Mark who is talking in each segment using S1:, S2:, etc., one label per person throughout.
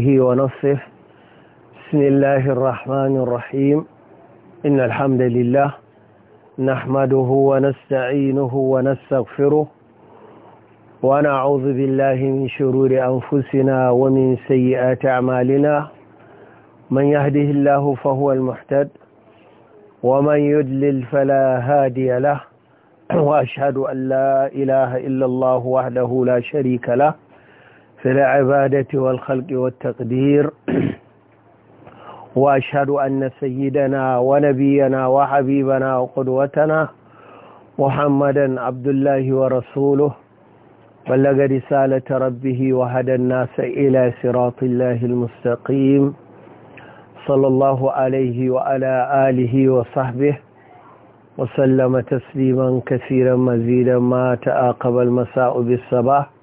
S1: بحمقه ونصه بسم الله الرحمن الرحيم إن الحمد لله نحمده ونستعينه ونستغفره ونعوذ بالله من شرور أنفسنا ومن سيئات أعمالنا من يهده الله فهو المحتد ومن يدلل فلا هادي له وأشهد أن لا إله إلا الله وحده لا شريك له في العبادة والخلق والتقدير وأشهد أن سيدنا ونبينا وحبيبنا وقدوتنا محمدا عبد الله ورسوله بلغ رسالة ربه وهدى الناس إلى صراط الله المستقيم صلى الله عليه وعلى آله وصحبه وسلم تسليما كثيرا مزيدا ما تآقب المساء بالصباح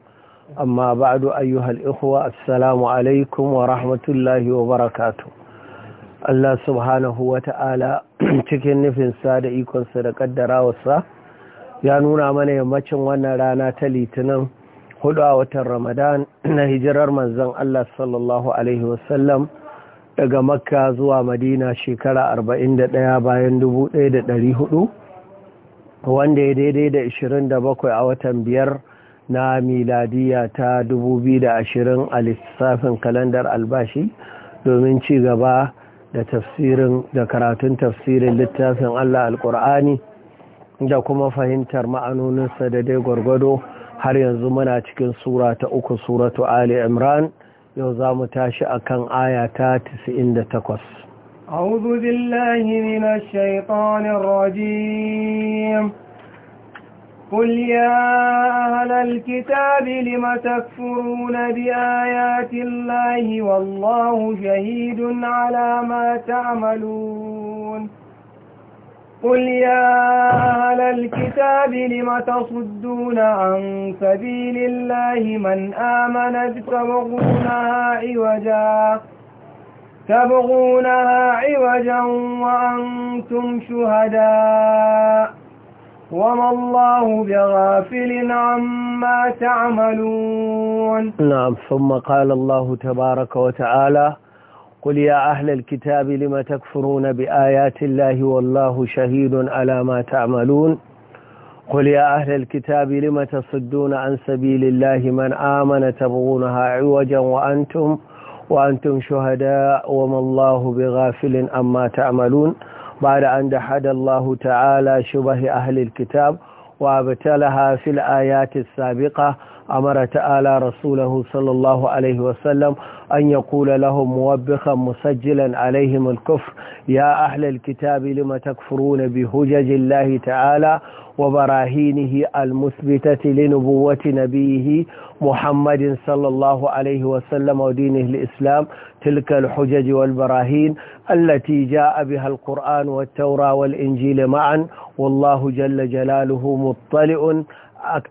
S1: أما بعد أيها الإخوة السلام wa rahmatullahi wa وبركاته Allah subhanahu wa ta'ala cikin sa da ikon sa da ƙaddarawarsa ya nuna mana yammacin wannan rana ta litinin hudu a watan Ramadan na hijirar manzon Allah sallallahu Alaihi sallam daga Makka zuwa Madina shekara 41 bayan 1400 wanda ya daidai da 27 a watan biyar na miladiya ta 2020 a lissafin kalandar albashi domin ci gaba da tafsirin da karatun tafsirin littafin Allah alkur'ani da kuma fahimtar ma'anoninsa da dai gwargwado har yanzu muna cikin sura ta uku suratu Ali Imran yau za mu tashi kan aya ta 98
S2: أعوذ بالله من الشيطان الرجيم قل يا أهل الكتاب لم تكفرون بآيات الله والله شهيد على ما تعملون قل يا أهل الكتاب لم تصدون عن سبيل الله من آمن تبغونها عوجا تبغونها عوجا وأنتم شهداء وما الله بغافل عما تعملون
S1: نعم ثم قال الله تبارك وتعالى قل يا أهل الكتاب لم تكفرون بآيات الله والله شهيد على ما تعملون قل يا أهل الكتاب لم تصدون عن سبيل الله من آمن تبغونها عوجا وأنتم وأنتم شهداء وما الله بغافل عما تعملون بعد أن دحد الله تعالى شبه أهل الكتاب وابتلها في الآيات السابقة أمر تعالى رسوله صلى الله عليه وسلم أن يقول لهم موبخا مسجلا عليهم الكفر يا أهل الكتاب لم تكفرون بهجج الله تعالى وبراهينه المثبتة لنبوة نبيه محمد صلى الله عليه وسلم ودينه الإسلام تلك الحجج والبراهين التي جاء بها القرآن والتوراة والإنجيل معا والله جل جلاله مطلع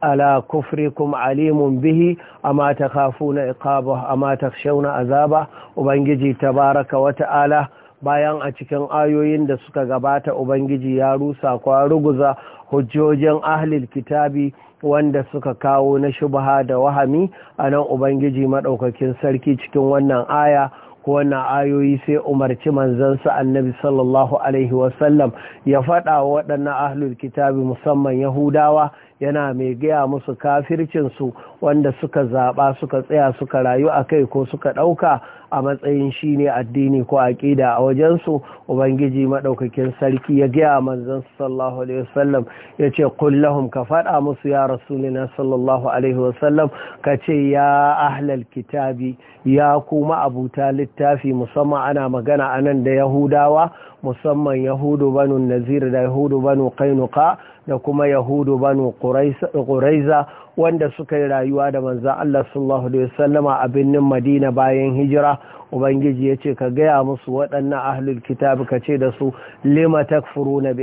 S1: ala kufrikum alimun bihi amma na iqabahu amma shauna azaba ubangiji tabaraka wata ala. bayan a cikin ayoyin da suka gabata ubangiji ya rusa kwa ruguza hujjojin ahlil kitabi wanda suka kawo na shubha da wahami a nan ubangiji maɗaukakin sarki cikin wannan aya ko wannan ayoyi sai umarci manzansa annabi sallallahu alaihi wasallam ya faɗa wa waɗannan ahlul kitabi musamman yahudawa yana mai gaya musu kafircinsu wanda suka zaɓa suka tsaya suka rayu a kai ko suka ɗauka a matsayin shi ne addini ko aƙida a wajensu ubangiji maɗaukakin sarki ya gaya manzan sallallahu alaihi wasallam ya ce kullahum ka faɗa musu ya rasulina sallallahu alaihi wasallam ka ce ya ahlal kitabi ya kuma abuta littafi musamman ana magana anan da yahudawa musamman yahudu banu nazir da yahudu banu kainuka da kuma yahudu banu ƙuraiza wanda suka yi rayuwa da manzan Allah sallallahu Alaihi wasallama a birnin madina bayan hijira ubangiji yace ce ka gaya musu waɗannan ahlul kitab ka ce da su lima takfuru na bi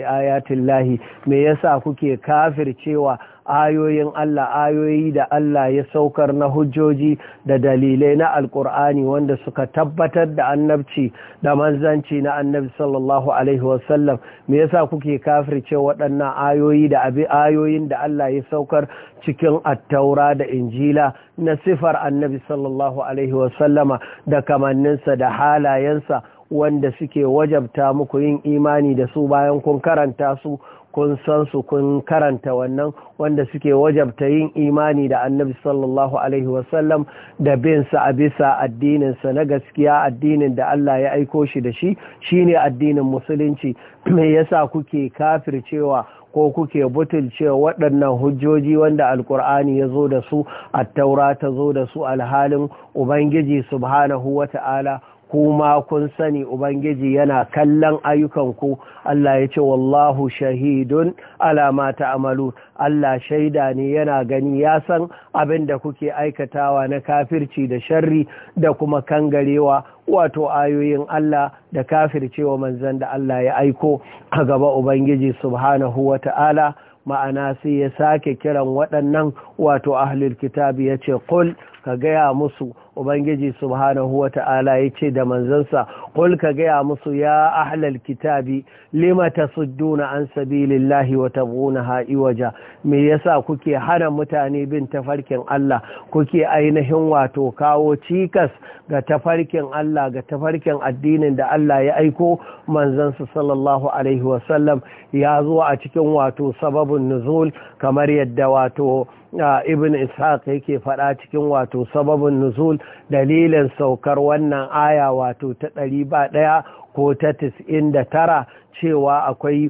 S1: me yasa kuke kafircewa cewa ayoyin Allah ayoyi da Allah ya saukar na hujjoji da dalilai na alkur'ani wanda suka tabbatar da annabci da manzanci na annabi sallallahu alaihi wasallam me yasa kuke kafirce waɗannan ayoyi da abi ayoyin da Allah ya saukar cikin attaura da injila na sifar annabi sallallahu alaihi wasallama da kamanninsa da halayensa wanda suke wajabta muku yin imani da su bayan kun karanta su kun san su kun karanta wannan wanda suke wajabta yin imani da annabi sallallahu alaihi wasallam da bin sa a bisa addininsa na gaskiya addinin da Allah ya aiko shi da shi shine addinin musulunci me yasa kuke kafircewa ko kuke cewa waɗannan hujjoji wanda alkur'ani ya zo da su taura ta zo da su alhalin ubangiji subhanahu wata'ala kuma kun sani ubangiji yana kallon ayyukan ku. Allah ya ce wallahu shahidun alama ta amalu. Allah shaida ne yana gani ya san abin da kuke aikatawa na kafirci da sharri da kuma kangarewa wato ayoyin Allah da kafircewa manzan da Allah ya aiko a gaba ubangiji subhanahu ta'ala ma'ana sai ya sake kiran waɗannan wato ahlul kitabi ya ce qul ka gaya musu ubangiji subhanahu wata'ala yace da manzansa qul ka gaya musu ya ahlal kitabi lima tasudduna an sabilillahi wa tabghunaha iwaja me yasa kuke hana mutane bin tafarkin Allah kuke ainihin wato kawo cikas ga tafarkin Allah ga tafarkin addinin da Allah ya aiko manzansa sallallahu alaihi wa sallam, ya zo a cikin wato sababun nuzul kamar yadda wato ibn ishaq yake faɗa cikin wato sababin nuzul dalilin saukar wannan aya wato ta ɗari ba ɗaya ko ta tis'in da tara cewa akwai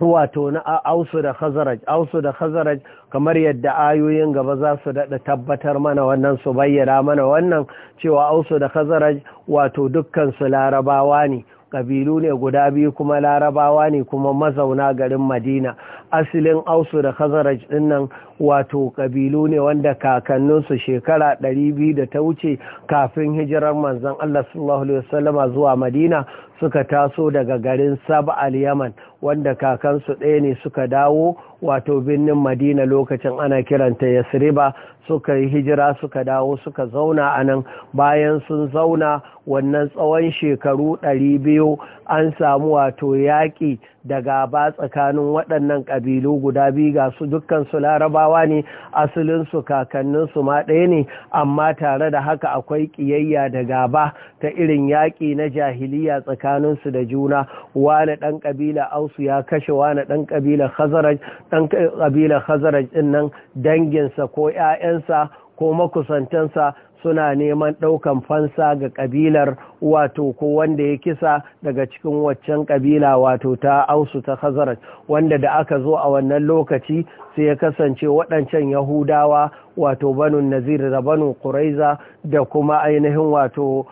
S1: wato na ausu da khazaraj ausu da khazaraj kamar yadda ayoyin gaba za su daɗa tabbatar mana wannan su bayyana mana wannan cewa ausu da khazaraj wato dukkansu larabawa ne ƙabilu ne guda biyu kuma larabawa ne kuma mazauna garin madina asilin ausu da khazaraj dinnan wato kabilu ne wanda kakanninsu shekara 200 da ta wuce kafin hijirar manzon Allah sallallahu alaihi wasallama zuwa Madina suka taso daga garin Sab al-Yaman wanda kakansu ɗaya ne suka dawo wato birnin Madina lokacin ana kiranta Yasriba suka yi hijira suka dawo suka zauna a nan bayan sun zauna wannan tsawon shekaru 200 an samu wato yaƙi da gaba tsakanin waɗannan ƙabilu guda biyu ga su dukkansu larabawa ne asalinsu kakanninsu ma ɗaya ne amma tare da haka akwai ƙiyayya da gaba ta irin yaƙi na jahiliya tsakaninsu da juna wani ɗan ƙabila ausu ya kashe wani ɗan ƙabila khazaraj ɗan ƙabila khazaraj ɗin nan danginsa ko ‘ya'yansa ko makusantansa suna neman ɗaukan fansa ga ƙabilar wato ko wanda ya kisa daga cikin waccan ƙabila wato ta ausu ta hazarat wanda da aka zo a wannan lokaci sai ya kasance waɗancan yahudawa wato banu nazir da banu ƙuraiza da kuma ainihin wato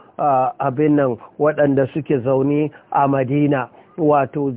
S1: abin nan waɗanda suke zaune a madina wato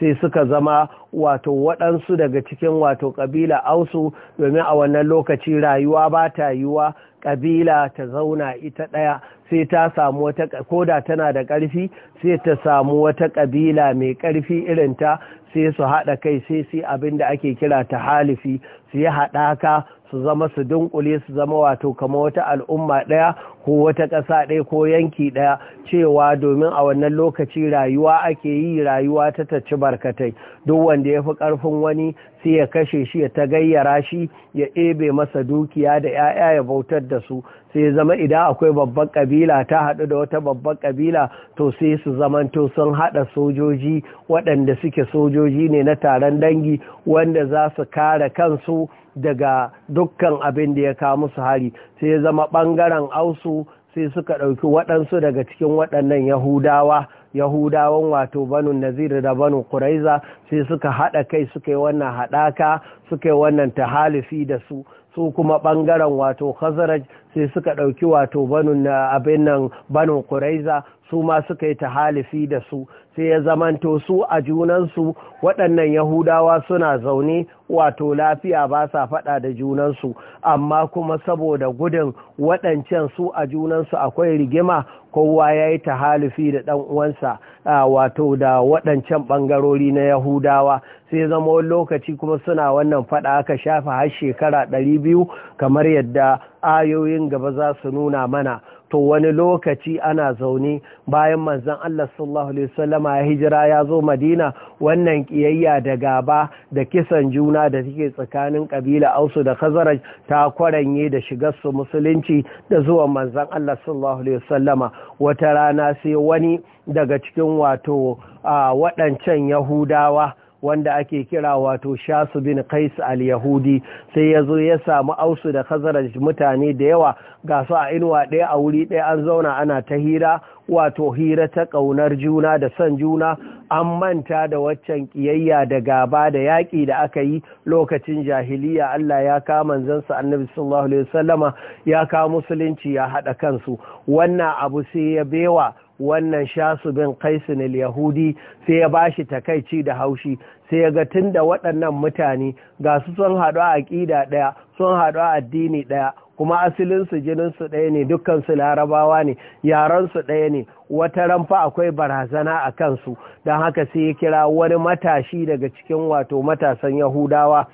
S1: sai suka zama wato waɗansu daga cikin wato ƙabila ausu domin a wannan lokaci rayuwa ba ta yiwuwa ƙabila ta zauna ita ɗaya sai ta samu wata koda tana da ƙarfi sai ta samu wata ƙabila mai ƙarfi irin ta, sai su haɗa kai sai sai abin da ake kira ta halifi su yi haɗaka su zama su dunkule su zama wato kama wata al'umma ɗaya ko wata ƙasa ɗaya ko yanki ɗaya cewa domin a wannan lokaci rayuwa ake yi rayuwa ta taci barkatai duk wanda ya fi ƙarfin wani sai ya kashe shi ya ta gayyara shi ya ebe masa dukiya da 'ya'ya ya bautar da su sai zama idan akwai babban kabila ta haɗu da wata babban kabila to sai su zamanto sun haɗa sojoji waɗanda suke sojoji ne na taron dangi wanda za su kare kansu daga dukkan abin da ya kawo musu hari sai zama ɓangaren ausu sai suka ɗauki waɗansu daga cikin waɗannan yahudawa yahudawan wato banu nazir da banu kuraiza sai suka haɗa kai suka yi wannan haɗaka suka yi wannan tahalifi da su su kuma ɓangaren wato khazaraj sai suka ɗauki wato banun abin nan banun kuraiza su ma suka yi tahalifi da su sai ya zamanto su a junansu waɗannan yahudawa suna zaune wato lafiya ba sa faɗa da junansu amma kuma saboda gudun waɗancan su a junansu akwai rigima kowa ya yi tahalifi da ɗan uwansa wato da waɗancan ɓangarori na yahudawa sai zama wani lokaci kuma suna wannan faɗa aka shafa har shekara ɗari biyu kamar yadda ayoyin gaba za su nuna mana to wani lokaci ana zaune bayan manzan Allah sallallahu alaihi wasallama ya hijira ya zo Madina wannan kiyayya da gaba da kisan juna da take tsakanin kabila Ausu da Khazraj ta kwaranye da shigar su musulunci da zuwa manzan Allah sallallahu alaihi wasallama wata rana sai wani daga cikin wato waɗancan Yahudawa wanda ake kira wato shasu bin kais al-yahudi sai ya zo ya samu ausu da khazaraj mutane da yawa ga su a inuwa ɗaya a wuri ɗaya an zauna ana ta hira wato hira ta ƙaunar juna da son juna an manta da waccan ƙiyayya da gaba da yaƙi da aka yi lokacin jahiliya Allah ya manzan manzansa annabi sallallahu alaihi wasallama ya kawo musulunci ya haɗa kansu wannan abu sai ya bewa wannan shasu bin kaisin yahudi sai ya bashi takaici da haushi sai ya ga tunda waɗannan mutane ga su sun haɗu a aƙida ɗaya sun haɗu a addini ɗaya kuma asilinsu jininsu ɗaya ne dukkansu larabawa ne su ɗaya ne wata ranfa akwai barazana a kansu don haka sai ya kira wani matashi daga cikin wato matasan yahudawa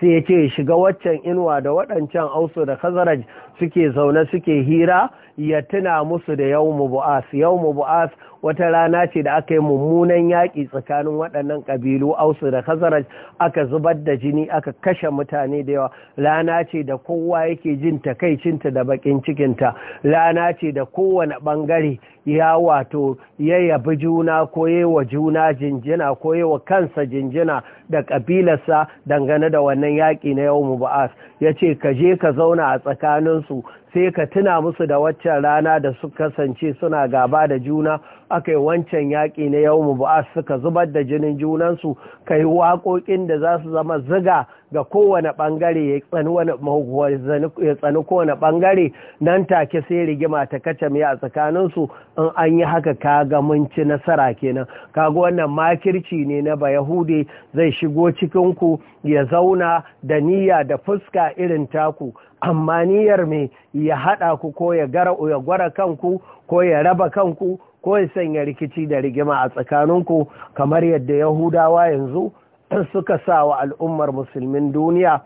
S1: sai ya ce shiga waccan inuwa da waɗancan ausu da khazaraj suke zaune suke hira ya tuna musu da mu bu'as mu bu'as wata rana ce da aka yi mummunan yaƙi tsakanin waɗannan ƙabilu ausu da khazaraj aka zubar da jini aka kashe mutane da yawa rana ce da kowa yake jin takaicinta da bakin cikinta rana ce da kowane ɓangare ya wato ya yabi juna ko ya wa juna jinjina ko ya wa kansa jinjina da ƙabilarsa dangane da wannan yaƙi na yau mu muba'as ya ce ka je ka zauna a tsakaninsu sai ka tuna musu da waccan rana da su kasance suna gaba da juna aka yi wancan yaƙi na yau mu ba'a suka zubar da jinin junansu ka yi waƙoƙin da za su zama ziga ga kowane ɓangare ya tsani kowane ɓangare nan take sai rigima ta kace mai a tsakaninsu in an yi haka ka ga mun ci nasara kenan kaga wannan makirci ne na ba yahude zai shigo cikinku ya zauna da niyya da fuska irin taku amma niyyar me ya haɗa ku ko ya gara ya gwara kanku ko ya raba kanku ko ya sanya rikici da rigima a tsakaninku kamar yadda yahudawa yanzu suka sa wa al'ummar musulmin duniya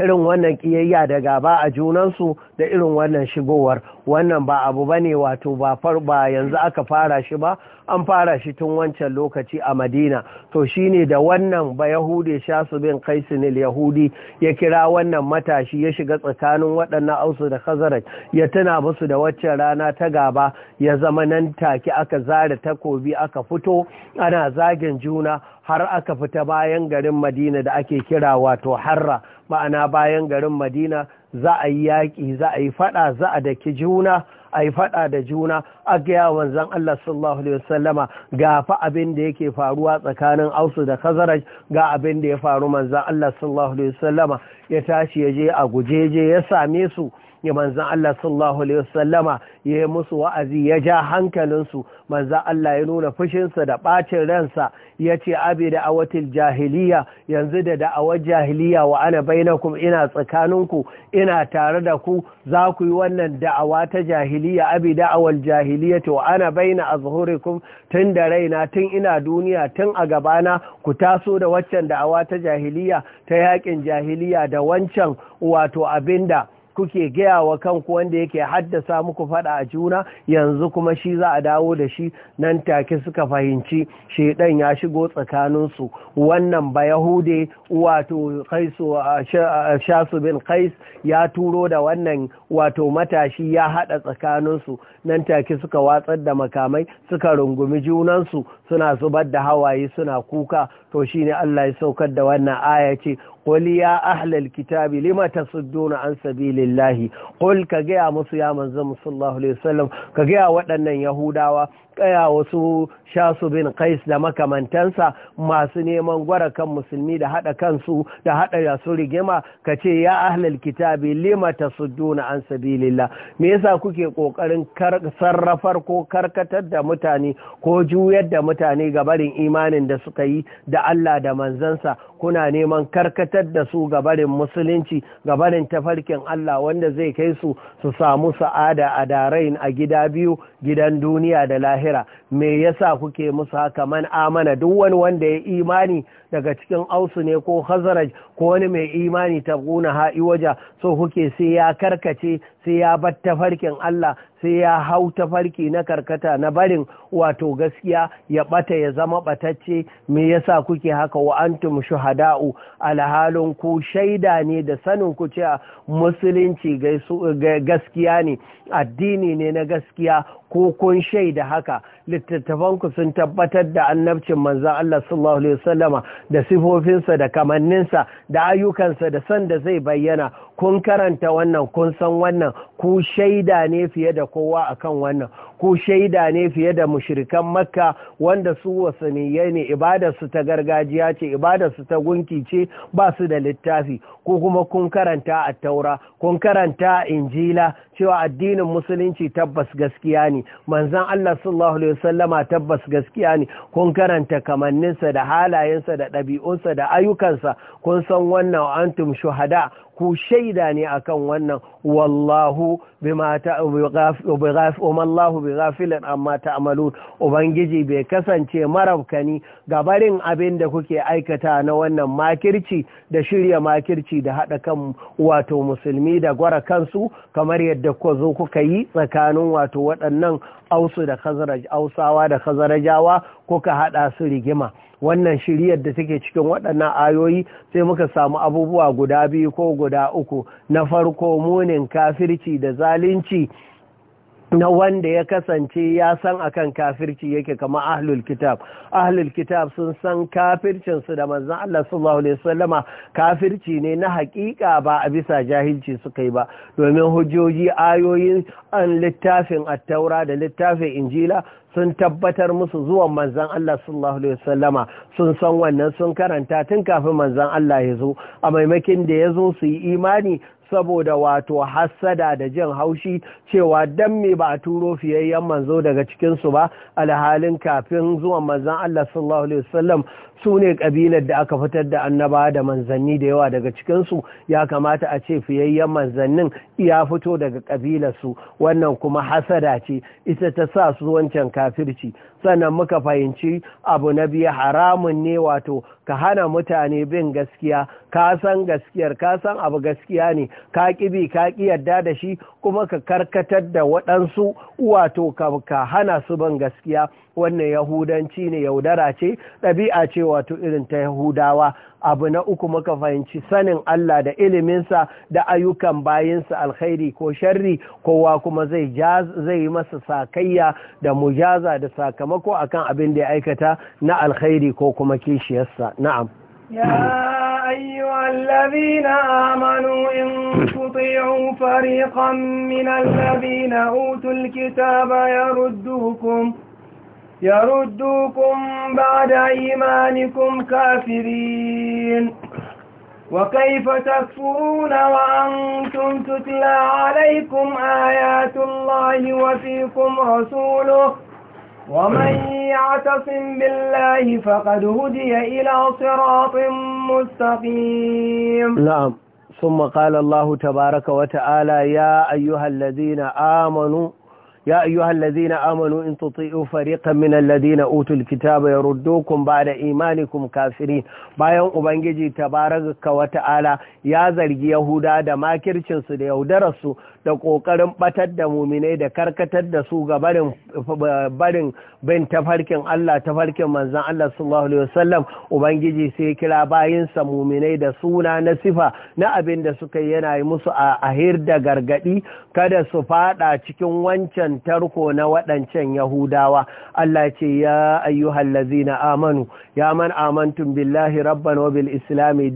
S1: irin wannan kiyayya da gaba a junansu da irin wannan shigowar wannan ba abu ba ne wato ba ba yanzu aka fara shi ba an fara shi tun wancan lokaci a madina to shine da wannan ba yahudi su bin kai kaisinil yahudi ya kira wannan matashi ya shiga tsakanin waɗannan ausu da khazaraj ya tuna musu da waccan rana ta gaba ya zama nan take aka zare takobi aka fito ana zagin juna har aka fita bayan garin madina da ake kira wato harra ma'ana bayan garin madina za a yi yaƙi za a yi faɗa za a daki juna a yi faɗa da juna a gaya wanzan Allah sallallahu Alaihi wasallama ga fa abin da yake faruwa tsakanin ausu da khazaraj ga abin da ya faru manzan Allah sallallahu Alaihi wasallama ya tashi ya je a gujeje ya same su ya manzan Allah sallallahu alaihi wasallama ya yi musu wa'azi ya ja hankalinsu manzan Allah ya nuna fushinsa da ɓacin ransa ya ce abi da awatil jahiliya yanzu da da'awar jahiliya wa ana bainakum ina tsakaninku ina tare da ku za ku yi wannan da'awa ta jahiliya abi da'awar jahiliya to ana baina azhurikum tun da raina tun ina duniya tun a gabana ku taso da waccan da'awa ta jahiliya ta yakin jahiliya da wancan wato abinda kuke gaya wa kanku wanda yake haddasa muku fada a juna yanzu kuma shi za a dawo da shi nan take suka fahimci shaidan ya shigo tsakaninsu wannan ba yahude wato kaisu shasu bin kais ya turo da wannan wato matashi ya haɗa tsakaninsu nan take suka watsar da makamai suka rungumi junansu suna zubar da hawaye suna kuka to shi ne Allah ya saukar da wannan aya ce ya ahlal kitabi lima tasudduna an sabilillahi ƙul ka gaya musu ya manzo musallahu alaihi wasallam ka gaya waɗannan yahudawa kaya wasu shasu bin kais da makamantansa masu neman gwara kan musulmi da hada kansu da hada ya su rigima ce ya ahlal kitabi lima ta duna an sabilillah me yasa kuke kokarin sarrafar ko karkatar da mutane ko juyar da mutane ga barin imanin da suka yi da Allah da manzansa kuna neman karkatar da su ga barin musulunci ga barin tafarkin Allah wanda zai kai su su samu sa'ada a darain a gida biyu gidan duniya da lahira me yasa kuke musu haka man amana duk wani wanda ya imani daga cikin ausu ne ko hazaraj ko wani mai imani ta guna ha'i waja so kuke sai ya karkace sai ya bar tafarkin Allah sai ya hau tafarki na karkata na barin wato gaskiya ya bata ya zama batacce me yasa kuke haka wa antum shuhada shuhada'u alhalin ku shaida ne da sanin ku cewa musulunci gaskiya ne addini ne na gaskiya ko kun shaida haka littattafanku sun tabbatar da annabcin manzan Allah sallallahu Alaihi wasallama da sifofinsa da kamanninsa da ayyukansa da san da zai bayyana kun karanta wannan kun san wannan ku shaida ne fiye da kowa akan wannan ku shaida ne fiye da mushrikan makka wanda su wasaniyai ne ibadarsu ta gargajiya ce ibadarsu ta gunki ce ba su da littafi ko kuma kun karanta a taura kun karanta injila cewa addinin musulunci tabbas gaskiya ne manzan Allah sallallahu alaihi wasallama tabbas gaskiya ne kun karanta kamanninsa da halayensa da ɗabi'unsa da ayyukansa kun san wannan antum shuhada ku shaida ne akan wannan wallahu bima ta umallahu bi ghafilin amma ta'malun ubangiji bai kasance marabkani gabarin abin da kuke aikata na wannan makirci da shirya makirci da haɗa kan wato musulmi da gwara kansu kamar yadda ku zo kuka yi tsakanin wato waɗannan ausu da ausawa da khazarajawa kuka haɗa su rigima wannan shiriyar da take cikin waɗannan ayoyi sai muka samu abubuwa guda biyu ko guda uku na farko munin kafirci da zalunci na wanda ya kasance ya san akan kafirci yake kama ahlul kitab ahlul kitab sun san kafircinsu da manzon Allah sallallahu alaihi wasallama kafirci ne na hakika ba a bisa jahilci suka yi ba domin hujjoji ayoyin an littafin at da littafin injila sun tabbatar musu zuwan manzan Allah sallallahu Alaihi wasallama sun san wannan sun karanta tun kafin manzan Allah ya zo a maimakin da ya zo su yi imani saboda wato hassada da jin haushi cewa dan me ba a turo fiyayyen manzo daga cikinsu ba alhalin kafin zuwan manzan Allah sallallahu alaihi wasallam su ne kabilar da aka fitar da annaba da manzanni da yawa daga cikinsu ya kamata a ce fiyayyen manzannin ya fito daga kabilar su wannan kuma hasada ce ita ta sa su wancan kafirci sannan muka fahimci abu na biyu haramun ne wato ka hana mutane bin gaskiya ka san gaskiyar ka san abu gaskiya ne ka ƙibi ka ƙi yadda da shi kuma ka karkatar da waɗansu wato ka hana su ban gaskiya wannan yahudanci ne yaudara ce ɗabi'a ce wato irin ta yahudawa abu na uku muka fahimci sanin Allah da iliminsa da ayyukan bayinsa alkhairi ko sharri kowa kuma zai yi masa sakayya da mujaza da sakamako akan abin da ya aikata na alkhairi ko kuma kishiyarsa na'am
S2: يا أيها الذين آمنوا إن تطيعوا فريقا من الذين أوتوا الكتاب يردوكم يردوكم بعد إيمانكم كافرين وكيف تكفرون وأنتم تتلى عليكم آيات الله وفيكم رسوله ومن يعتصم بالله فقد هدي إلى صراط مستقيم
S1: نعم ثم قال الله تبارك وتعالى يا أيها الذين آمنوا يا أيها الذين آمنوا إن تطيعوا فريقا من الذين أوتوا الكتاب يردوكم بعد إيمانكم كافرين bayan أبنجي تبارك وتعالى يا ya يهودا دماكر da makircin رسو da ƙoƙarin ɓatar da muminai da karkatar da su ga barin bin tafarkin Allah tafarkin manzan Allah sallallahu Alaihi wasallam Ubangiji sai kira bayinsa muminai da suna na sifa na abin da suka yana yi musu a ahir da gargaɗi kada su fada cikin wancan tarko na waɗancan Yahudawa Allah ce ya lazina amanu ya man amantun billahi rabban wa bil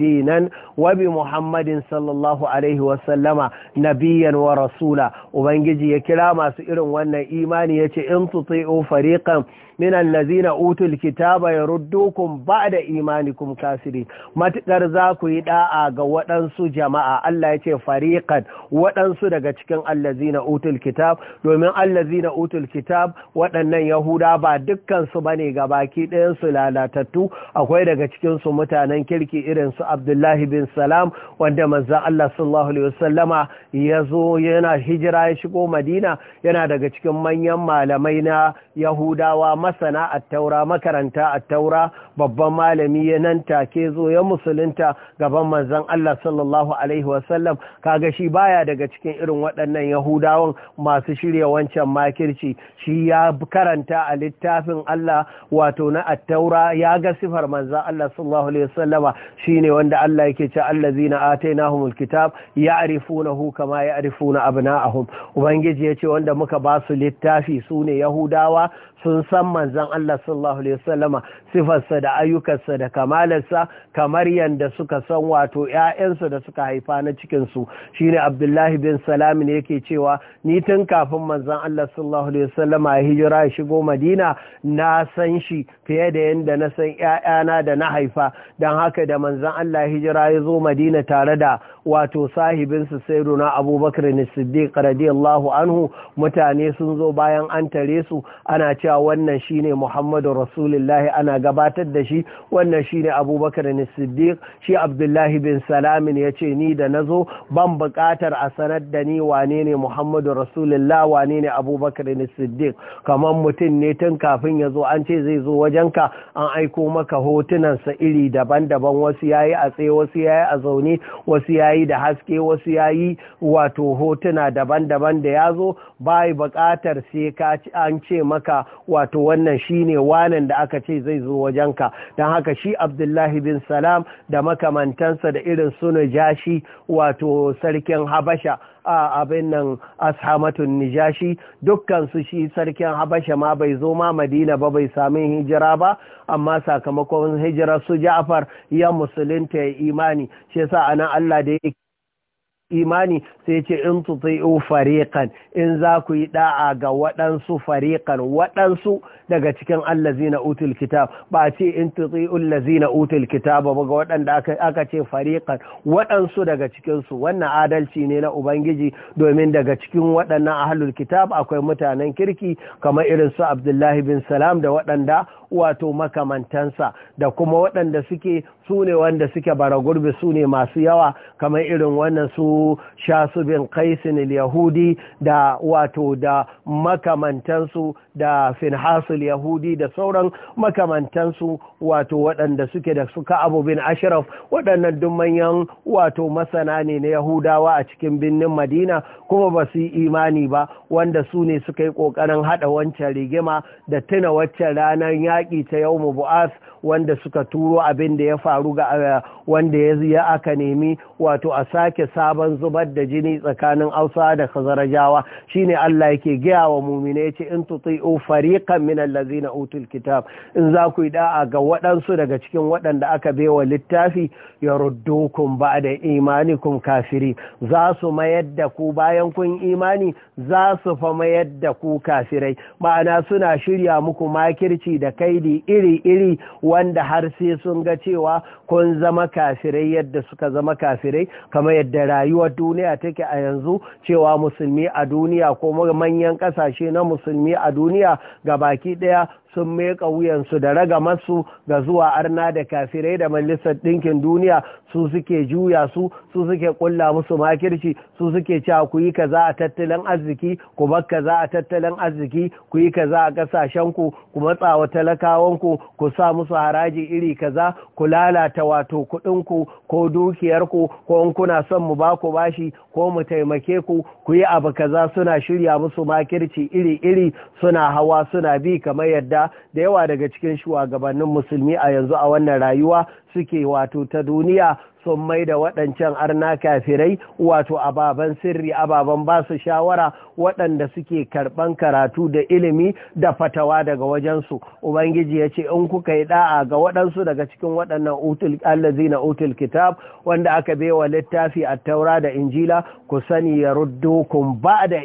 S1: dinan wa bi Muhammadin sallallahu alaihi wasallama nabiyan wa rasula ubangiji ya kira masu irin wannan imani yace in tuti'u fariqan min allazina utul kitaba yaruddukum ba'da imanikum kasirin matakar za ku yi da'a ga waɗansu jama'a Allah ya ce fariqan waɗansu daga cikin allazina utul kitab domin allazina utul kitab waɗannan yahuda ba dukkan su bane gabaki ɗayan su lalatattu akwai daga cikin su mutanen kirki irin su Abdullahi bin Salam wanda manzo Allah sallallahu alaihi wasallama yazo yana hijira ya shigo Madina yana daga cikin manyan malamai na Yahudawa masana taura, makaranta a taura, babban malami ya nan take zo ya musulunta gaban manzon Allah sallallahu alaihi wasallam kaga shi baya daga cikin irin waɗannan yahudawan masu shirya wancan makirci shi ya karanta a littafin Allah wato na attaura ya ga sifar manzon Allah sallallahu alaihi wasallama shine wanda Allah yake ce allazina atainahumul kitab ya'rifunahu kama na abna'ahum ubangiji ya ce, wanda muka ba su littafi sune yahudawa sun san manzan Allah sallallahu Alaihi wasallama sifarsa da ayyukansa da kamalarsa kamar yadda suka san wato ‘ya'yansa da suka haifa na cikinsu shi ne Abdullahi bin Salami ne yake cewa ni tun kafin manzan Allah sallallahu Alaihi wasallama ya hijira ya shigo Madina na san shi fiye da yadda na san ‘ya'yana da na haifa don haka da manzan Allah hijira ya zo Madina tare da wato sahibinsu Sayyiduna Abubakar Siddiq radiyallahu anhu mutane sun zo bayan an tare su ana cewa cewa wannan shine Muhammadu Rasulullahi ana gabatar da shi wannan shine Abubakar ne Siddiq shi Abdullahi bin Salamin ya ce ni da nazo ban buƙatar a sanar da ni wane ne Muhammadu Rasulullah wane ne Abubakar ne Siddiq kamar mutum ne tun kafin yazo. zo an ce zai zo wajenka an aiko maka hotunansa iri daban-daban wasu yayi a tsaye wasu yayi a zaune wasu yayi da haske wasu yayi wato hotuna daban-daban da ya zo bai buƙatar sai ka an ce maka wato wannan shine wanan da aka ce zai zo wajenka don haka shi abdullahi bin salam da makamantansa da irin suna jashi wato sarkin habasha a abin nan ashamatun nijashi dukkansu shi sarkin habasha ma bai zo ma madina ba bai sami hijira ba amma sakamakon hijirar su ja'afar ya musulunta ya imani shi yasa nan Allah da ya imani sai ce in tuti'u fariqan in za ku yi da'a ga waɗansu fariqan waɗansu daga cikin allazina utul kitab ba ce in tuti'u allazina utul kitab ba ga waɗanda aka aka ce fariqan waɗansu daga cikin su wannan adalci ne na ubangiji domin daga cikin waɗannan ahlul kitab akwai mutanen kirki kamar irin su Abdullahi bin Salam da waɗanda wato makamantansa da kuma waɗanda suke su ne wanda suke bara gurbi su ne masu yawa kamar irin wannan su sha su bin kaisin yahudi da wato da makamantansu da finhasul yahudi da sauran makamantansu wato waɗanda suke da suka abu bin ashraf waɗannan duk wato masana ne na yahudawa a cikin birnin madina kuma ba su yi imani ba wanda su ne suka yi ƙoƙarin haɗa wancan rigima da tuna waccan ranar yaƙi ta yau bu'as wanda suka turo abin da ya faru ga eh, wanda ya ziya aka nemi wato a sake sabon zubar da jini tsakanin Ausa da Khazarajawa shine Allah yake gaya wa mu'mina yace in tuti'u fariqan min allazina utul kitab in za ku yi da'a ga waɗansu daga cikin waɗanda aka baiwa littafi yaruddukum ba'da imanikum kafiri za su mayar da ku bayan kun imani za su fa mayar da ku kafirai ma'ana suna shirya muku makirci da kaidi iri-iri wanda har sai sun ga cewa kun zama kafirai yadda suka zama kafirai kamar yadda rayuwar duniya take a yanzu cewa musulmi a duniya ko manyan kasashe na musulmi a duniya ga baki daya sun meka wuyansu da ragamarsu ga zuwa arna da kafirai da majalisar ɗinkin duniya su suke juya su su suke ƙulla musu makirci su suke cewa ku yi kaza a tattalin arziki ku bar kaza a tattalin arziki ku yi kaza a ƙasashenku ku matsa wa talakawanku ku sa musu haraji iri kaza ku lalata wato kuɗin ku ko dukiyarku ko in kuna son mu ba ku bashi ko mu taimake ku ku yi abu kaza suna shirya musu makirci iri iri suna hawa suna bi kamar yadda da yawa daga cikin shugabannin musulmi a yanzu a wannan rayuwa suke wato ta duniya sun mai da waɗancan arna kafirai wato ababen sirri ababen ba su shawara waɗanda suke karɓan karatu da ilimi da fatawa daga wajensu ubangiji ya ce in kuka yi ɗa'a ga waɗansu daga cikin waɗannan allazi na utul kitab wanda aka baiwa littafi a taura da injila ku sani ya ruddukun ba da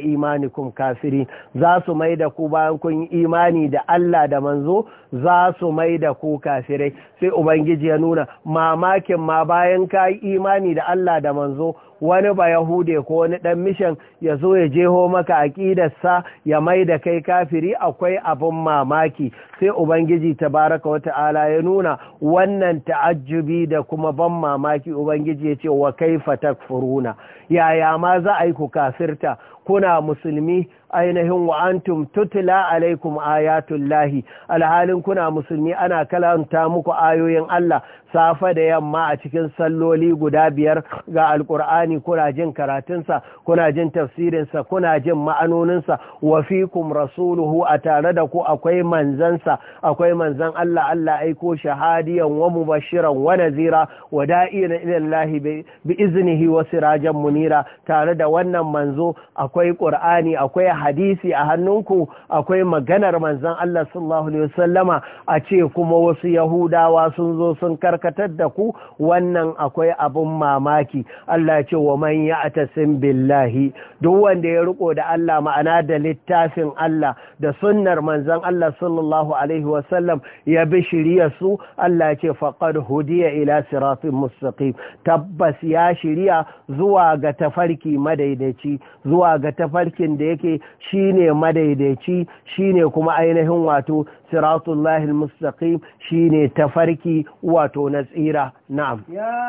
S1: kum kafiri za su mai da ku bayan kun imani da allah da manzo za su mai da ku kafirai sai ubangiji ya nuna mamakin ma bayan ka yi imani da Allah da manzo wani ba yahude ko wani ɗan mishan ya zo ya jeho maka a aƙidarsa ya mai da kai kafiri akwai abin mamaki sai ubangiji tabaraka wa ta'ala ya nuna wannan ta'ajjubi da kuma ban mamaki ubangiji ya ce wa fatak furuna. yaya ma za a yi ku kafirta kuna musulmi ainihin wa antum tutla alaikum ayatullahi alhalin kuna musulmi ana kalanta muku ayoyin Allah safe da yamma a cikin salloli guda biyar ga alkur'ani kuna jin karatunsa kuna jin tafsirinsa kuna jin ma'anoninsa wa fikum rasuluhu a tare da ku akwai manzansa akwai manzan Allah Allah aiko shahadiyan wa mubashiran wa nazira wa da'ina ila Allah bi iznihi wa sirajan munira tare da wannan manzo akwai qur'ani akwai hadisi a hannunku akwai maganar manzan Allah sallallahu alaihi wasallama a ce kuma wasu yahudawa sun zo sun kar karkatar da ku wannan akwai abin mamaki Allah ce wa man ya'tasim billahi duk wanda ya riko da Allah ma'ana da littafin Allah da sunnar manzon Allah sallallahu alaihi wa sallam ya bi shirya su Allah ce faqad hudiya ila siratin mustaqim tabbas ya shiriya zuwa ga tafarki madaidaici zuwa ga tafarkin da yake shine madaidaici shine kuma ainihin wato صراط الله المستقيم شيني تفركي واتو نزئيرة نعم
S2: يا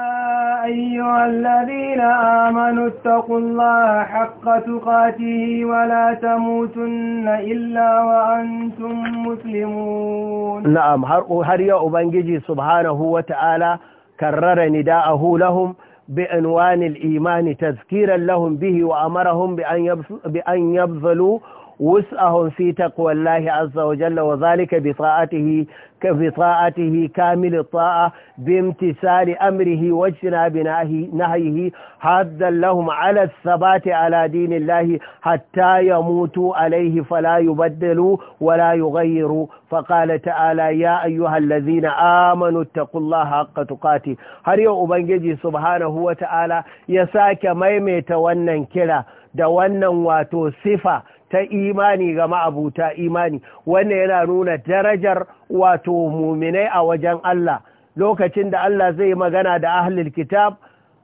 S2: أيها الذين آمنوا اتقوا الله حق تقاته ولا تموتن إلا وأنتم مسلمون
S1: نعم هريا أبنجي سبحانه وتعالى كرر نداءه لهم بأنوان الإيمان تذكيرا لهم به وأمرهم بأن يبذلوا وسعهم في تقوى الله عز وجل وذلك بطاعته كبطاعته كامل الطاعة بامتثال أمره واجتناب نهيه حدا لهم على الثبات على دين الله حتى يموتوا عليه فلا يبدلوا ولا يغيروا فقال تعالى يا أيها الذين آمنوا اتقوا الله حق تقاته har yau Ubangiji subhanahu wa ta'ala ya sake maimaita wannan kira ta imani ga ma'abuta imani wannan yana nuna darajar wato muminai a wajen Allah lokacin da Allah zai magana da ahlul kitab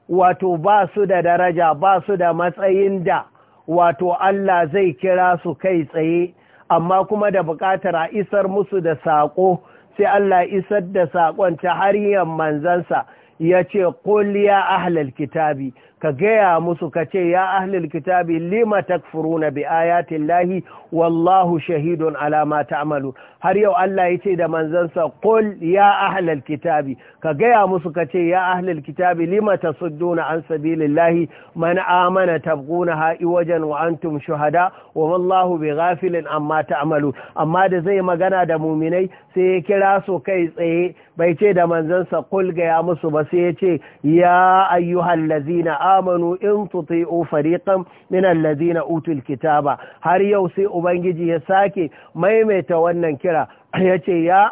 S1: wato ba su da daraja ba su da matsayin da wato Allah zai kira su kai tsaye amma kuma da buƙatar a isar musu da saƙo sai Allah isar da saƙon ta har manzansa ya ce ƙul ahlal kitabi ka gaya musu ka ce ya ahlul kitabi lima takfuruna bi ayati llahi wallahu shahidun alama ta'malu har yau Allah yace da manzansa kul ya ahlal kitabi ka gaya musu kace ya ahlal kitabi lima sudduna an sabilillahi man amana tabqunaha iwajan wa antum shuhada wa wallahu bighafilin amma ta'malu amma da zai magana da mu'minai sai ya kira su kai tsaye bai ce da manzansa kul gaya musu ba sai yace ya lazina amanu in tuti'u fariqan minallazina utul kitaba har yau sai ubangiji ya sake maimaita wannan kira ya ce ya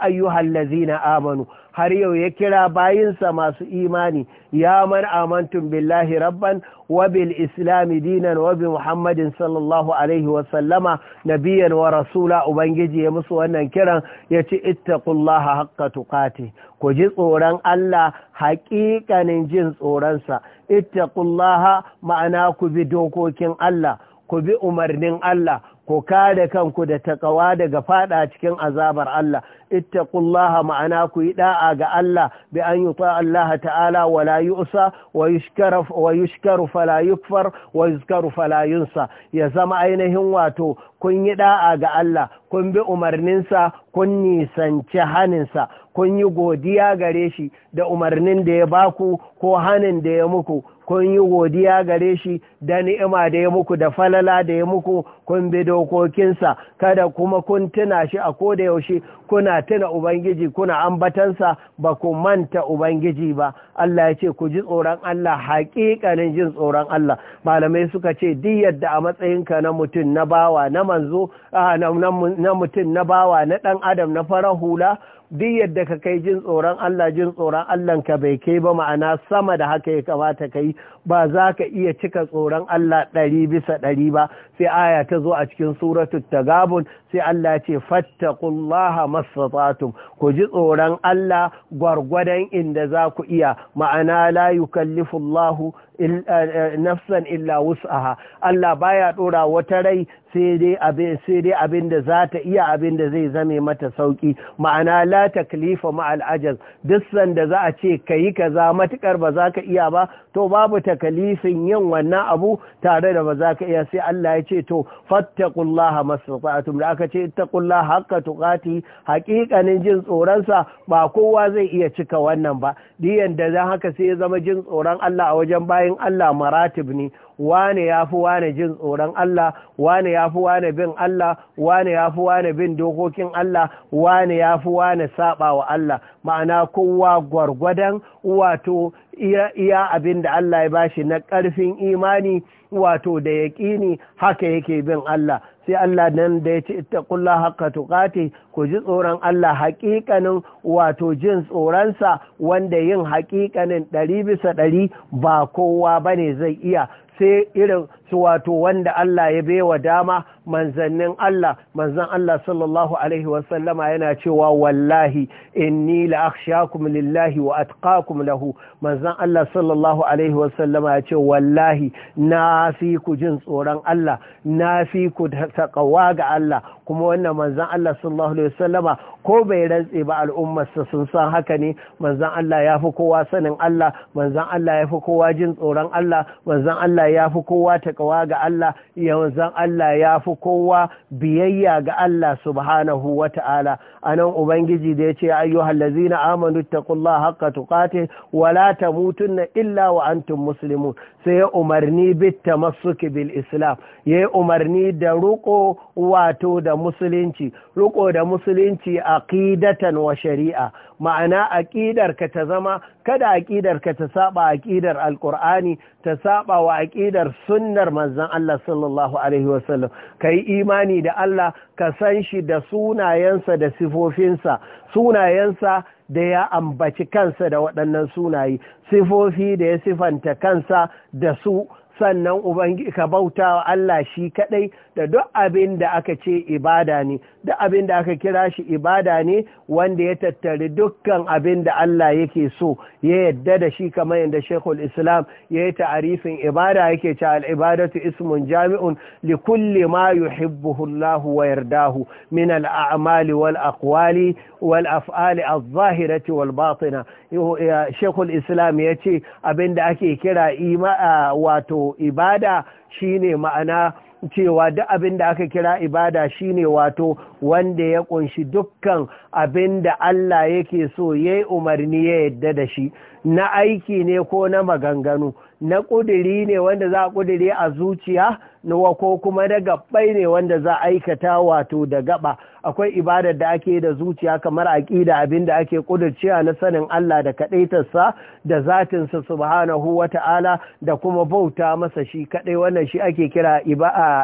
S1: na amanu har yau ya kira bayinsa masu imani ya man amantun billahi rabban wa bil islami dinan wa bi muhammadin sallallahu alaihi wa nabiyan wa rasula ubangiji ya musu wannan kiran ya ce ittakullaha haƙƙa tuƙati. ku ji tsoron Allah haƙiƙanin jin tsoronsa ittaqullaha ma'ana ku bi dokokin Allah ku bi umarnin Allah ku kare kanku da taqawa daga fada cikin azabar Allah ittaqullaha ma'ana ku yi da'a ga Allah bi an yuta Allah ta'ala wa la yu'sa wa yushkaru wa yushkaru fala yukfar wa yuzkaru fala yunsa ya zama ainihin wato kun yi ɗa'a ga Allah kun bi umarninsa kun nisanci haninsa kun yi godiya gare shi da umarnin da ya baku ko hanin da ya muku kun yi godiya gare shi da ni'ima da ya muku da falala da ya muku kun bi dokokinsa kada kuma kun tuna shi a koda yaushe kuna tuna ubangiji kuna ambatansa ba ku manta ubangiji ba Allah ya ce ku ji tsoron Allah haƙiƙanin jin tsoron Allah malamai suka ce duk yadda a matsayinka na mutum na bawa na manzo ah, na mutum na bawa na ɗan adam na farar hula duk yadda ka kai jin tsoron Allah jin tsoron Allah ka bai kai ba ma'ana sama da haka ya kamata ka yi ba za ka iya cika tsoron Allah ɗari bisa ɗari ba sai aya ta zo a cikin suratu tagabun sai Allah ce fattakullaha mastata'tum ku ji tsoron Allah gwargwadon inda za ku iya ma'ana la yukallifullahu eh, eh, nafsan illa wus'aha Allah baya dora wata rai sai dai abin da za ta iya abin da zai zame mata sauki ma'ana la la taklifa ma duk sanda za a ce kayi kaza matukar ba za ka iya ba to babu takalifin yin wannan abu tare da ba za ka iya sai Allah ya ce to fattaqullaha mastata'tum da aka ce ittaqullaha haqqa tuqati haƙiƙanin jin tsoronsa ba kowa zai iya cika wannan ba diyan da dan haka sai ya zama jin tsoron Allah a wajen bayan Allah maratib ne wane ya fi wane jin tsoron Allah wane ya fi wane bin Allah wane ya fi wane bin dokokin Allah wane ya fi wane saba wa Allah ma'ana kowa gwargwadon wato iya abin da Allah ya bashi na ƙarfin imani wato da yaƙini haka yake bin Allah sai Allah nan da ya ce ittaqullah haka tukati ku ji tsoron Allah haƙiƙanin wato jin tsoronsa wanda yin haƙiƙanin ɗari bisa ɗari ba kowa bane zai iya 是，有两。wato wanda Allah ya baiwa dama manzannin Allah manzan Allah sallallahu alaihi wasallama yana cewa wallahi inni la'akhshakum lillahi wa atqakum lahu manzan Allah sallallahu alaihi wasallama ya ce wallahi na fi ku jin tsoron Allah na fi ku taqwa ga Allah kuma wannan manzan Allah sallallahu alaihi wasallama ko bai rantse ba al'ummarsa sun san haka ne manzan Allah ya fi kowa sanin Allah manzan Allah ya fi kowa jin tsoron Allah manzan Allah ya fi kowa taqwa taƙawa ga Allah yawanzan Allah ya fi kowa biyayya ga Allah subhanahu wa ta'ala anan ubangiji da ce ayyuhal ladzina amanu taqullaha haqqa tuqatih wala la tamutunna illa wa antum muslimun sai ya umarni bit tamassuki bil islam ya umarni da ruko wato da musulunci ruko da musulunci aqidatan wa shari'a ma'ana aqidar ka ta zama kada aqidar ka ta saba aqidar alqur'ani ta saba wa aqidar sunnar manzon Allah sallallahu alaihi wasallam kai imani da Allah ka san shi da sunayensa da sifofinsa sunayensa da ya ambaci kansa da waɗannan sunaye sifofi da ya sifanta kansa da su sannan ka bauta Allah shi kaɗai da duk abin da aka ce ibada ne duk abin da aka kira shi ibada ne wanda ya tattari dukkan abin da Allah yake so ya yadda da shi kamar yadda shekul Islam ya yi ta'arifin ibada yake ce al-ibadatu ismun jami'un li kulli ma yuhibbuhullahu wa yardahu min al'amali amali wal aqwali wal af'ali adh wal batina Shekul Islam ya ce abin da ake kira wato ibada shine ma'ana cewa duk abin da aka kira ibada shine wato wanda ya kunshi dukkan abin da Allah yake so ya yi umarni ya yadda da shi na aiki ne ko na maganganu na ƙudiri ne wanda za a ƙudiri a zuciya nawa ko kuma na gabbai ne wanda za aikata wato da gaba akwai ibadar da ake da zuciya kamar aqida abin da ake kudurciya na sanin Allah da kadaitarsa da zatinsa subhanahu wata'ala da kuma bauta masa shi kadai wannan shi ake kira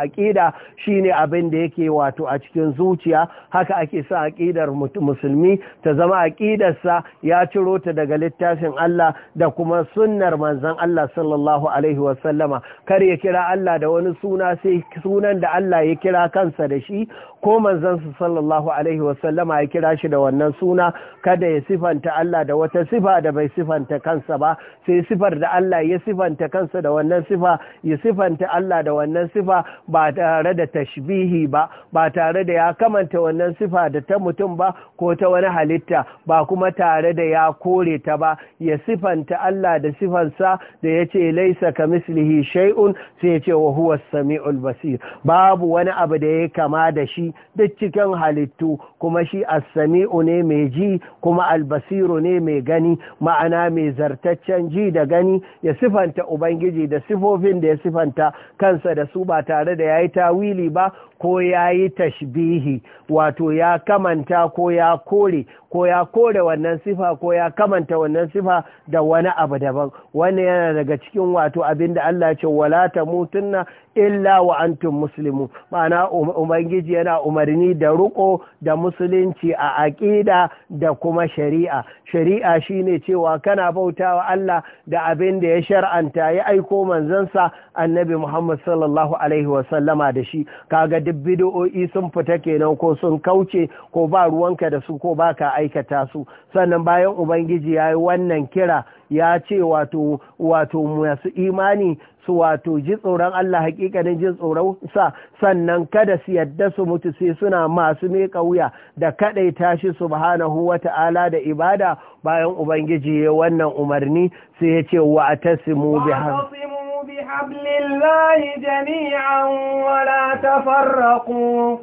S1: aqida shine abin da yake wato a cikin zuciya haka ake sa aqidar musulmi ta zama aqidarsa ya ciro ta daga littafin Allah da kuma sunnar manzon Allah sallallahu alaihi wasallama kar ya kira Allah da wani su suna sai sunan da Allah ya kira kansa da shi ko manzansu sallallahu alaihi wasallama ya kira shi da wannan suna kada ya sifanta Allah da wata sifa da bai sifanta kansa ba sai sifar da Allah ya sifanta kansa da wannan sifa ya sifanta Allah da wannan sifa ba tare da tashbihi ba ba tare da ya kamanta wannan sifa da ta mutum ba ko ta wani halitta ba kuma tare da ya kore ta ba ya sifanta Allah da sifansa da ya ce laisa ka mislihi shay'un sai ya ce wa huwa samiul basir babu wani abu da ya kama da shi da cikin halittu kuma shi as ne mai ji kuma Albasiru ne mai gani ma'ana mai zartaccen ji da gani ya sifanta ubangiji da sifofin da ya sifanta kansa da su ba tare da ya yi tawili ba ko ya yi tashbihi wato ya kamanta ko ya kore ko ya kore wannan sifa ko ya kamanta wannan sifa da wani abu daban wani yana daga cikin wato abinda da Allah ce wala ta mutunna illa wa antum muslimu ma'ana um-, ubangiji yana umarni da ruko da musulunci a aƙida da kuma shari'a shari'a shine cewa kana bautawa Allah da abin da ya shar'anta ya aiko manzansa annabi Muhammad sallallahu alaihi wa sallama da shi kaga duk bido'o'i sun fita kenan ko sun kauce ko ba ruwanka da su ko baka aikata su sannan bayan ubangiji ya yi wannan kira ya ce wato wato masu imani su wato ji tsoron Allah hakikanin jin tsoron sa sannan kada su yadda su mutu sai suna masu meka wuya da kadai tashi subhanahu wata'ala da ibada bayan ubangiji ya wannan umarni sai ya ce wa atasimu bihan
S2: بحبل الله جميعا ولا تفرقوا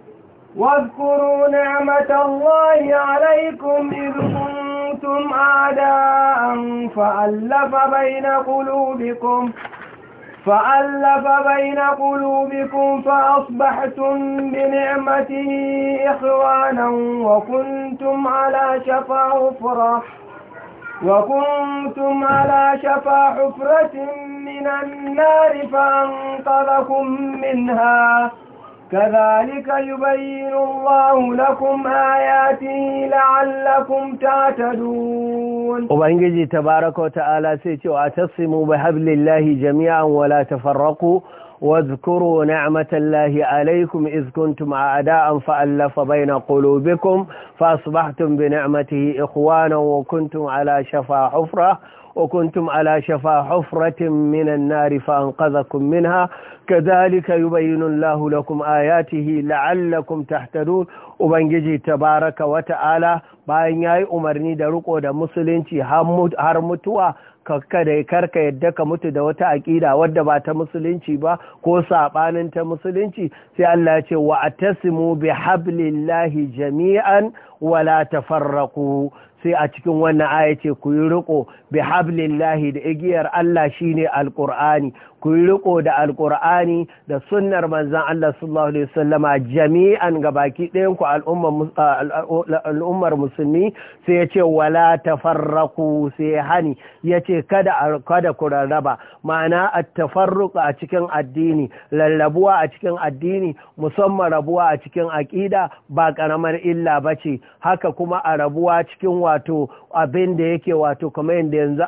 S2: واذكروا نعمة الله عليكم إذ كنتم أعداء فألف بين قلوبكم فألف بين قلوبكم فأصبحتم بنعمته إخوانا وكنتم على شفا فرح وكنتم على شفا حفرة من النار فأنقذكم منها كذلك يبين الله لكم آياته لعلكم تعتدون
S1: وبنجي تبارك وتعالى سيتي واتصموا بحبل الله جميعا ولا تفرقوا واذكروا نعمة الله عليكم إذ كنتم أعداء فألف بين قلوبكم فأصبحتم بنعمته إخوانا وكنتم على شفا حفرة وكنتم على شفا حفرة من النار فأنقذكم منها كذلك يبين الله لكم آياته لعلكم تحتدون وبنجي تبارك وتعالى باين ياي أمرني دروق riko da musulunci karka yadda ka mutu da wata aƙida wadda ba ta musulunci ba ko saɓanin ta musulunci sai Allah ce wa atasimu bi hablillahi jami'an wala tafarraqu sai a cikin wannan aya ce ku yi riko bi hablillahi da igiyar Allah shine alqur'ani ku yi riko da alqur'ani da sunnar manzon Allah sallallahu alaihi wasallama jami'an gabaki ɗayan ku al'ummar musulmi sai yace wala tafarraqu sai hani yace kada kada ku rarraba ma'ana at-tafarruq a cikin addini lallabuwa a cikin addini musamman rabuwa a cikin aqida ba karamar illa bace haka kuma a rabuwa cikin wato abin da yake wato kuma yadda yanzu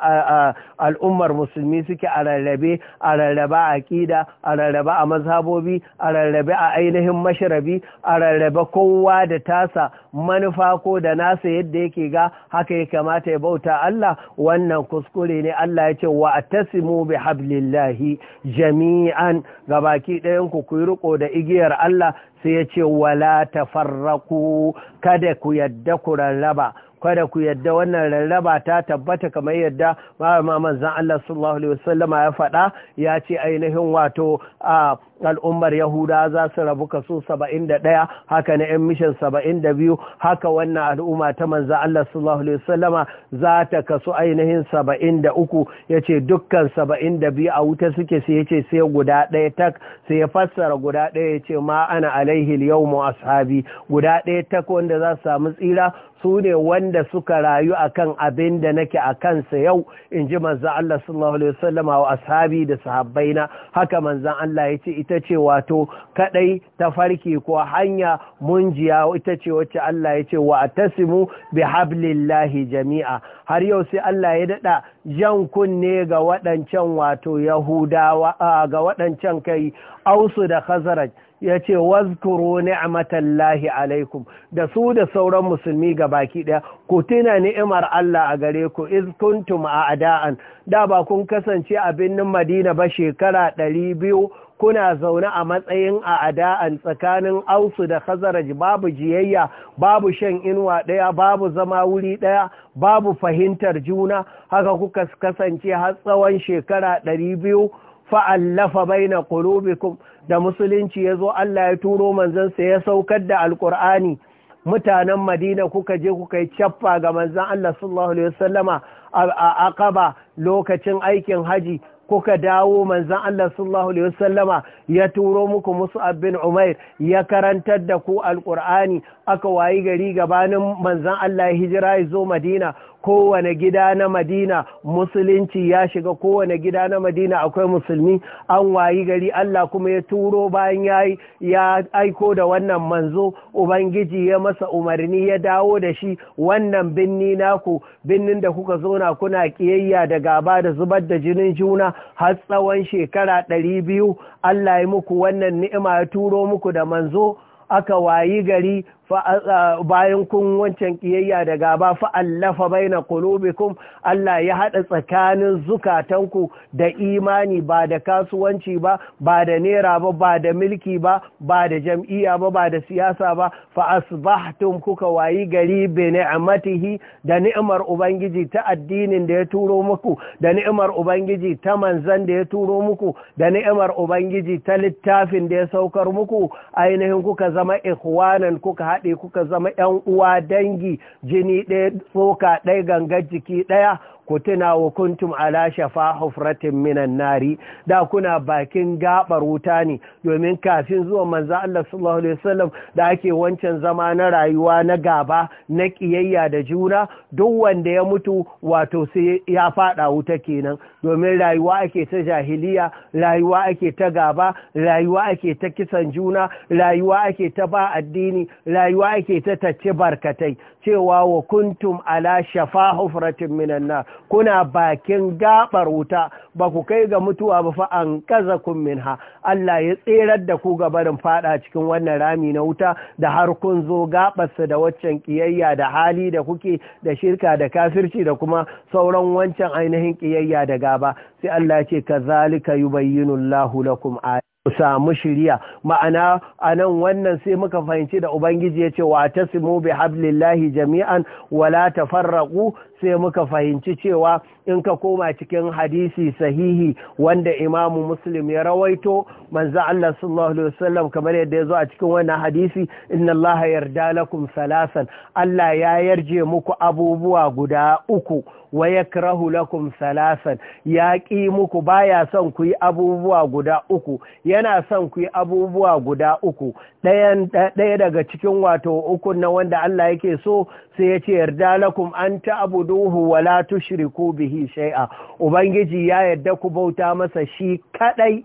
S1: al'ummar musulmi suke a rarrabe a rarraba a ƙida a rarraba a mazhabobi a rarrabe a ainihin masharabi a rarraba kowa da tasa manufa ko da nasa yadda yake ga haka ya kamata ya bauta Allah wannan kuskure ne Allah ya ce wa attasimu bi hablillahi jami'an gabaki ɗayan ku ku riko da igiyar Allah sai ya ce wala ta farraku kada ku yadda ku rarraba kada ku yadda wannan rarraba ta tabbata kamar yadda ma manzon Allah sallallahu alaihi wasallama ya faɗa ya ce ainihin wato a ah, al'ummar yahuda za su rabu kaso saba'in da ɗaya haka na ‘yan mishan saba'in da biyu haka wannan al'umma ta manza Allah sallallahu Alaihi wasallama za ta kaso ainihin saba'in da uku ya ce dukkan saba'in da biyu a wuta suke sai ya ce sai guda ɗaya tak sai ya fassara guda ɗaya ya ce ma ana alaihi yau mu ashabi guda ɗaya tak wanda za su samu tsira su ne wanda suka rayu akan abin da nake a kansa yau in ji manzan Allah sallallahu Alaihi wasallama wa ashabi da sahabbaina haka manzan Allah ya ce ita ce wato kadai farki ko hanya munjiya ita ce wacce Allah ya ce wa atasimu bi hablillahi jami'a har yau sai Allah ya dada jan kunne ga waɗancan wato Yahudawa ga waɗancan kai ausu da khazaraj ya ce wazkuru ni'matallahi alaikum da su da sauran musulmi ga baki ɗaya ku tuna ni'imar Allah a gare ku iz kuntum a'da'an da ba kun kasance a birnin Madina ba shekara ɗari biyu kuna zaune a matsayin a ada'an tsakanin ausu da khazaraj babu jiyayya babu shan inuwa ɗaya babu zama wuri ɗaya babu fahimtar juna haka kuka kasance har tsawon shekara ɗari biyu fa'allafa bai na ƙulubikum da musulunci ya zo Allah ya turo manzansa ya saukar da alƙur'ani mutanen madina kuka je kuka yi caffa ga manzan Allah sallallahu Alaihi wasallama a akaba lokacin aikin haji kuka dawo manzan Allah sallallahu Alaihi wasallama ya turo muku musu abin umair ya karantar da ku alƙur'ani aka wayi gari gabanin manzan Allah ya hijira ya zo madina kowane gida na madina musulunci ya shiga kowane gida na madina akwai musulmi an wayi gari Allah kuma ya turo bayan ya aiko da wannan manzo ubangiji ya masa umarni ya dawo da shi wannan binni naku binnin da kuka zona kuna kiyayya da gaba da zubar da jinin juna har tsawon shekara ɗari biyu Allah ya muku wannan ni'ima ya turo muku da manzo aka wayi gari bayan kun wancan ƙiyayya da gaba fa'allafa baina kulubikun Allah ya haɗa tsakanin zukatanku da imani ba da kasuwanci ba ba da nera ba ba da milki ba ba da jam'iyya ba ba da siyasa ba fa asbahtum kuka wayi gari bene ni'matihi da ni'imar ubangiji ta addinin da ya turo muku da ni'mar ubangiji ta manzan da ya turo muku da ni'imar ubangiji ta littafin da ya saukar muku ainihin kuka zama ikhwanan kuka haɗe kuka zama ‘yan uwa dangi jini ɗaya tsoka ɗaya gangar jiki ɗaya ku tuna wa kuntum ala shafa hufratin minan nari da kuna bakin gabar wuta ne domin kafin zuwa manzo Allah sallallahu alaihi wasallam da ake wancan zama na rayuwa na gaba na kiyayya da juna duk wanda ya mutu wato sai ya fada wuta kenan domin rayuwa ake ta jahiliya rayuwa ake ta gaba rayuwa ake ta kisan juna rayuwa ake ta ba addini rayuwa ake ta tacce barkatai cewa wa kuntum ala shafa hufratin minan na kuna bakin gabar wuta ba ku kai ga mutuwa ba fa an kaza kun ha Allah ya tserar da ku gabarin fada cikin wannan rami na wuta da har kun zo gabarsa da waccan kiyayya da hali da kuke da shirka da kafirci da kuma sauran wancan ainihin kiyayya da gaba sai Allah ya ce kazalika yubayyinu Allahu lakum ayati Ku samu shiriya ma'ana a nan wannan sai muka fahimci da ubangiji ya ce wa ta simu bi hablillahi jami'an wala ta farraku sai muka fahimci cewa in ka koma cikin hadisi sahihi wanda imamu muslim ya rawaito manzo Allah sallallahu alaihi wasallam kamar yadda ya zo a cikin wannan hadisi inna Allah yarda lakum salasan Allah ya yarje muku abubuwa guda uku wa yakrahu lakum salasan ya ƙi muku baya son ku yi abubuwa guda uku yana son ku yi abubuwa guda uku ɗaya daga cikin wato uku na wanda Allah yake so sai ya ce yarda lakum an duhu, wa la tushriku bihi shay'a ubangiji ya yarda ku bauta masa shi kadai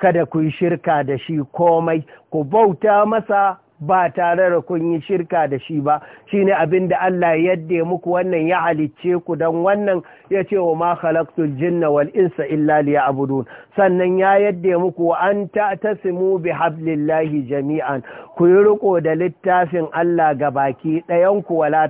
S1: kada ku yi shirka da shi komai ku bauta masa ba tare da kun yi shirka da shi ba Shi ne abin da Allah yadda muku wannan ya halicce ku don wannan ya ce wa ma khalaqtul jinna wal insa illa abudu sannan ya yadda muku wa an ta'tasimu bi hablillahi jami'an ku yi riko da littafin Allah ga baki ɗayan ku wala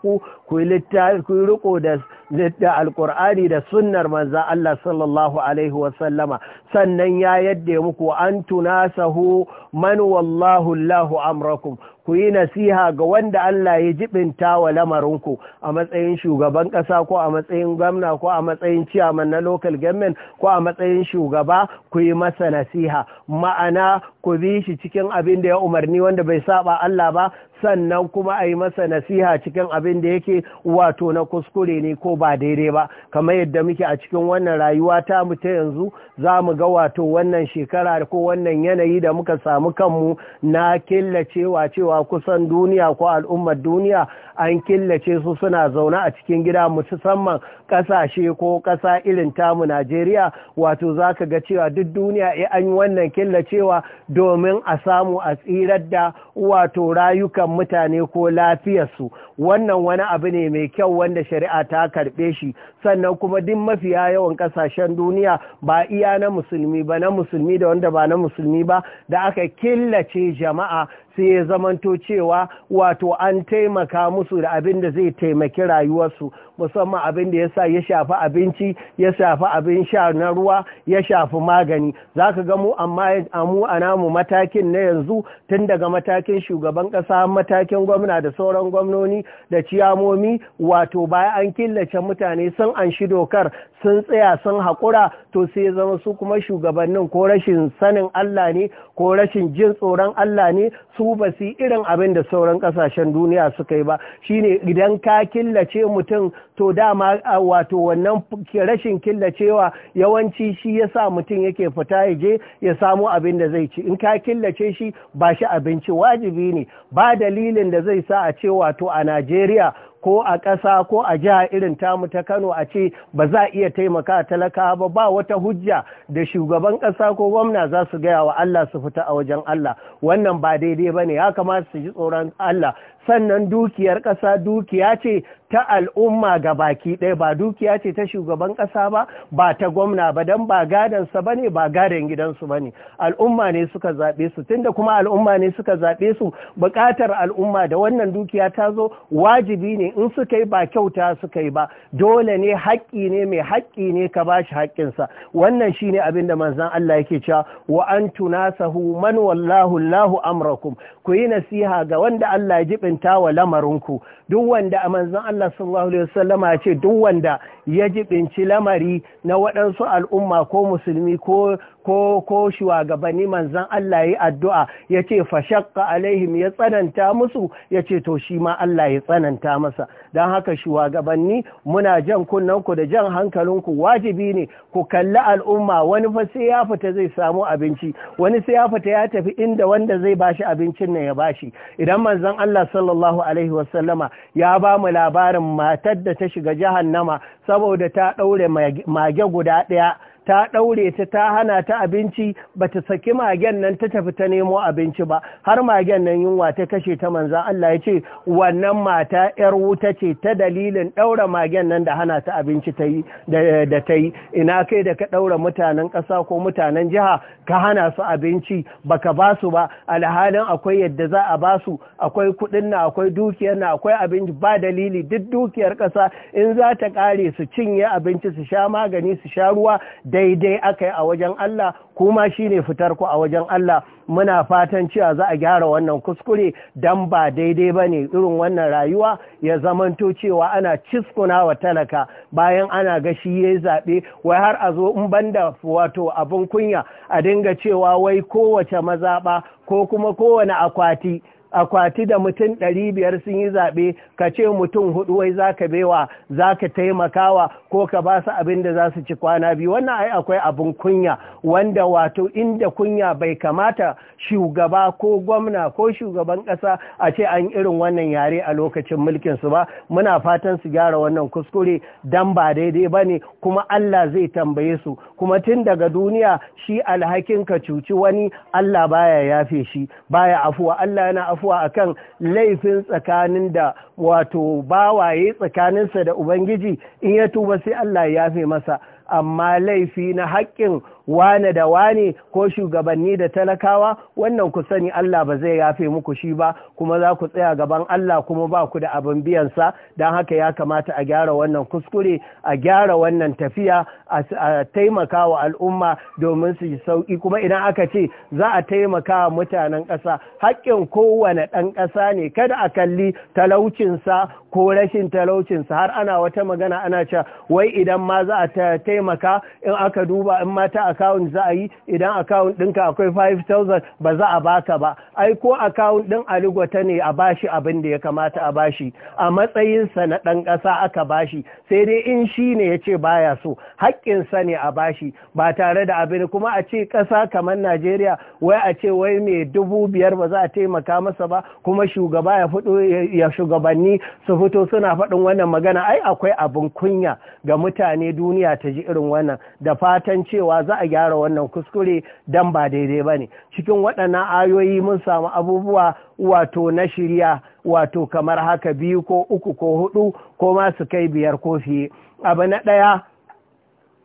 S1: ku yi riko da da alkur'ani da sunnar manza Allah sallallahu Alaihi wasallama sannan ya yadda ya muku an tunasahu man wallahu Allahu amrakum ku yi nasiha ga wanda Allah ya jibinta wa lamarinku a matsayin shugaban ƙasa ko a matsayin gwamna ko a matsayin ciyaman na local government ko a matsayin shugaba ku yi masa nasiha ma'ana ku bi shi cikin abin da ya umarni wanda bai saba Allah ba sannan kuma a yi masa nasiha cikin abin da yake wato na kuskure ne ko ba daidai ba kamar yadda muke a cikin wannan rayuwa ta mu ta yanzu za mu ga wato wannan shekara ko wannan yanayi da muka samu kanmu na killacewa cewa kusan duniya ko al'ummar duniya an killace su suna zaune a cikin gida musamman ƙasashe ko kasa irin tamu Najeriya wato za ka ga cewa duk duniya eh an yi wannan killacewa domin a samu a tsirar da wato rayuka. rayukan mutane ko lafiyarsu wannan wani abu ne mai kyau wanda shari'a ta karbe shi sannan kuma duk mafiya yawan kasashen duniya ba iya na musulmi ba na musulmi da wanda ba na musulmi ba da aka killace jama'a sai ya zamanto cewa wato an taimaka musu da abin da zai taimaki rayuwarsu musamman abin da ya sa ya shafi abinci ya shafi abin sha na ruwa ya shafi magani za ka ga mu amma a mu a namu matakin na yanzu tun daga matakin shugaban ƙasa matakin gwamna da sauran gwamnoni da ciyamomi wato baya an killace mutane sun an shi dokar sun tsaya sun haƙura to sai ya zama su kuma shugabannin ko rashin sanin Allah ne ko rashin jin tsoron Allah ne su duba ba su irin abin da sauran kasashen duniya suka yi ba shine idan ka killace mutum to dama wato wannan rashin killacewa yawanci shi yasa mutum yake fita ya je ya samu abin da zai ci in ka killace shi ba shi abinci wajibi ne ba dalilin da zai sa a ce wato a Najeriya ko a ƙasa ko a jiha irin tamu ta Kano a ce ba za a iya taimaka talaka ba ba wata hujja da shugaban ƙasa ko gwamna za su gaya wa Allah su fita a wajen Allah wannan ba daidai ba ne ya kamata su ji tsoron Allah sannan dukiyar ƙasa dukiya ce ta al'umma ga baki ɗaya ba dukiya ce ta shugaban ƙasa ba ba ta gwamna ba don ba gadansa ba ne ba gadon gidansu ba ne al'umma ne suka zaɓe su tunda kuma al'umma ne suka zaɓe su buƙatar al'umma da wannan dukiya ta zo wajibi ne in suka yi ba kyauta suka yi ba dole ne haƙƙi ne mai haƙƙi ne ka ba shi haƙƙinsa wannan shine abin da manzan Allah yake cewa wa an tunasahu man wallahu lahu amrakum ku yi nasiha ga wanda Allah ya jibin hukunta wa lamarinku duk wanda a manzon Allah sallallahu alaihi wasallama ce duk wanda ya jibinci lamari na waɗansu al'umma ko musulmi ko ko ko shugabanni manzon Allah yi addu'a ya fa shaqqa alaihim ya tsananta musu Ya ce to shi ma Allah ya tsananta masa dan haka shugabanni muna jan kunnanku da jan hankalinku wajibi ne ku kalli al'umma wani fa sai ya fita zai samu abinci wani sai ya fita ya tafi inda wanda zai bashi abincin ne ya bashi idan manzon Allah sallallahu sallallahu alaihi wasallama ya ba mu labarin matar da ta shiga jahannama saboda ta ɗaure mage guda ɗaya ta ɗaure ta ta hana ta abinci ba ta saki magen nan ta tafi ta nemo abinci ba har magen nan yunwa ta kashe ta manzan Allah ya ce wannan mata ‘yar wuta ce ta dalilin ɗaura magen nan da hana ta abinci ta yi da ta yi ina kai da ka ɗaura mutanen ƙasa ko mutanen jiha ka hana su abinci ba ka ba su ba alhalin akwai yadda za a ba su akwai kuɗin na akwai dukiyar na akwai abinci ba dalili duk dukiyar ƙasa in za ta ƙare su cinye abinci su sha magani su sha ruwa da daidai aka yi a wajen Allah kuma shi ne ku a wajen Allah muna fatan cewa za a gyara wannan kuskure don ba daidai ba ne irin wannan rayuwa ya zamanto cewa ana ciskuna wa talaka bayan ana ga shi ya zaɓe wai har a zo in banda wato abin kunya a dinga cewa wai kowace mazaɓa ko kuma kowane akwati akwati da mutum ɗari biyar sun yi zaɓe ka ce mutum hudu wai za ka bewa za ka taimakawa ko ka ba su abin da za su ci kwana biyu wannan ai akwai abin kunya wanda wato inda kunya bai kamata shugaba ko gwamna ko shugaban ƙasa a ce an irin wannan yare a lokacin mulkin su ba muna fatan su gyara wannan kuskure dan ba daidai ba ne kuma Allah zai tambaye su kuma tun daga duniya shi alhakin ka cuci wani Allah baya yafe shi baya afuwa Allah yana afuwa kan laifin tsakanin da wato bawaye tsakaninsa da ubangiji in ya tuba sai Allah ya fi masa amma laifi na haƙƙin wane da wane ko shugabanni da talakawa wannan ku sani Allah ba zai yafe muku shi ba kuma za ku tsaya gaban Allah kuma ba ku da abin biyansa don haka ya kamata a gyara wannan kuskure a gyara wannan tafiya a taimaka wa al'umma domin su yi sauƙi kuma idan aka ce za a taimaka wa mutanen ƙasa haƙƙin kowane ɗan ƙasa ne kada a kalli talaucinsa ko rashin talaucinsa har ana wata magana ana cewa wai idan ma za a taimaka in aka duba in mata a akawun za a yi idan akawun ɗinka akwai 5,000 ba za a baka ba ai ko akawun ɗin aligwata ne a bashi abin da ya kamata a bashi a matsayinsa na ɗan ƙasa aka bashi sai dai in shi ne ya ce baya so haƙƙinsa ne a bashi ba tare da abin kuma a ce ƙasa kamar najeriya wai a ce wai mai dubu biyar ba za a taimaka masa ba kuma shugaba ya fito ya shugabanni su fito suna faɗin wannan magana ai akwai abin kunya ga mutane duniya ta ji irin wannan da fatan cewa za a gyara wannan kuskure dan ba daidai ba ne cikin waɗannan ayoyi mun samu abubuwa wato na shirya wato kamar haka biyu ko uku ko hudu ko ma su kai biyar ko fiye abu na ɗaya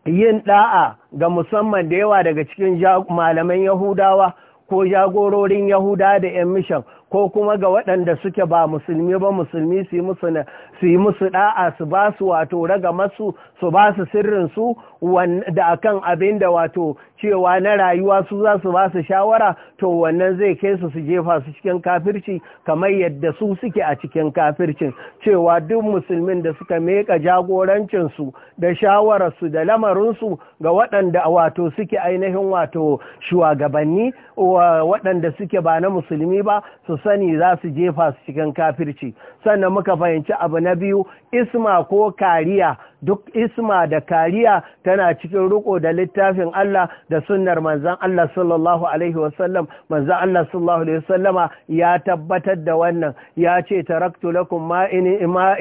S1: yin ɗa'a ga musamman da yawa daga cikin malaman yahudawa ko jagororin yahuda da 'yan mishan ko kuma ga waɗanda suke ba musulmi ba musulmi su yi musu ɗa'a su ba su wato raga masu su ba su sirrin su da akan abin da wato cewa na rayuwa su za su ba shawara to wannan zai kai su su jefa su cikin kafirci kamar yadda su suke a cikin kafircin cewa duk musulmin da suka meka jagorancinsu da shawararsu da lamarinsu ga waɗanda wato suke ainihin wato shugabanni waɗanda suke ba na musulmi ba su sani za su jefa su cikin kafirci sannan muka fahimci abu na biyu isma ko kariya duk isma da kariya tana cikin riko da littafin Allah da sunnar manzan Allah sallallahu alaihi wasallam manzan Allah sallallahu alaihi wasallama ya tabbatar da wannan ya ce taraktu lakum ma in ma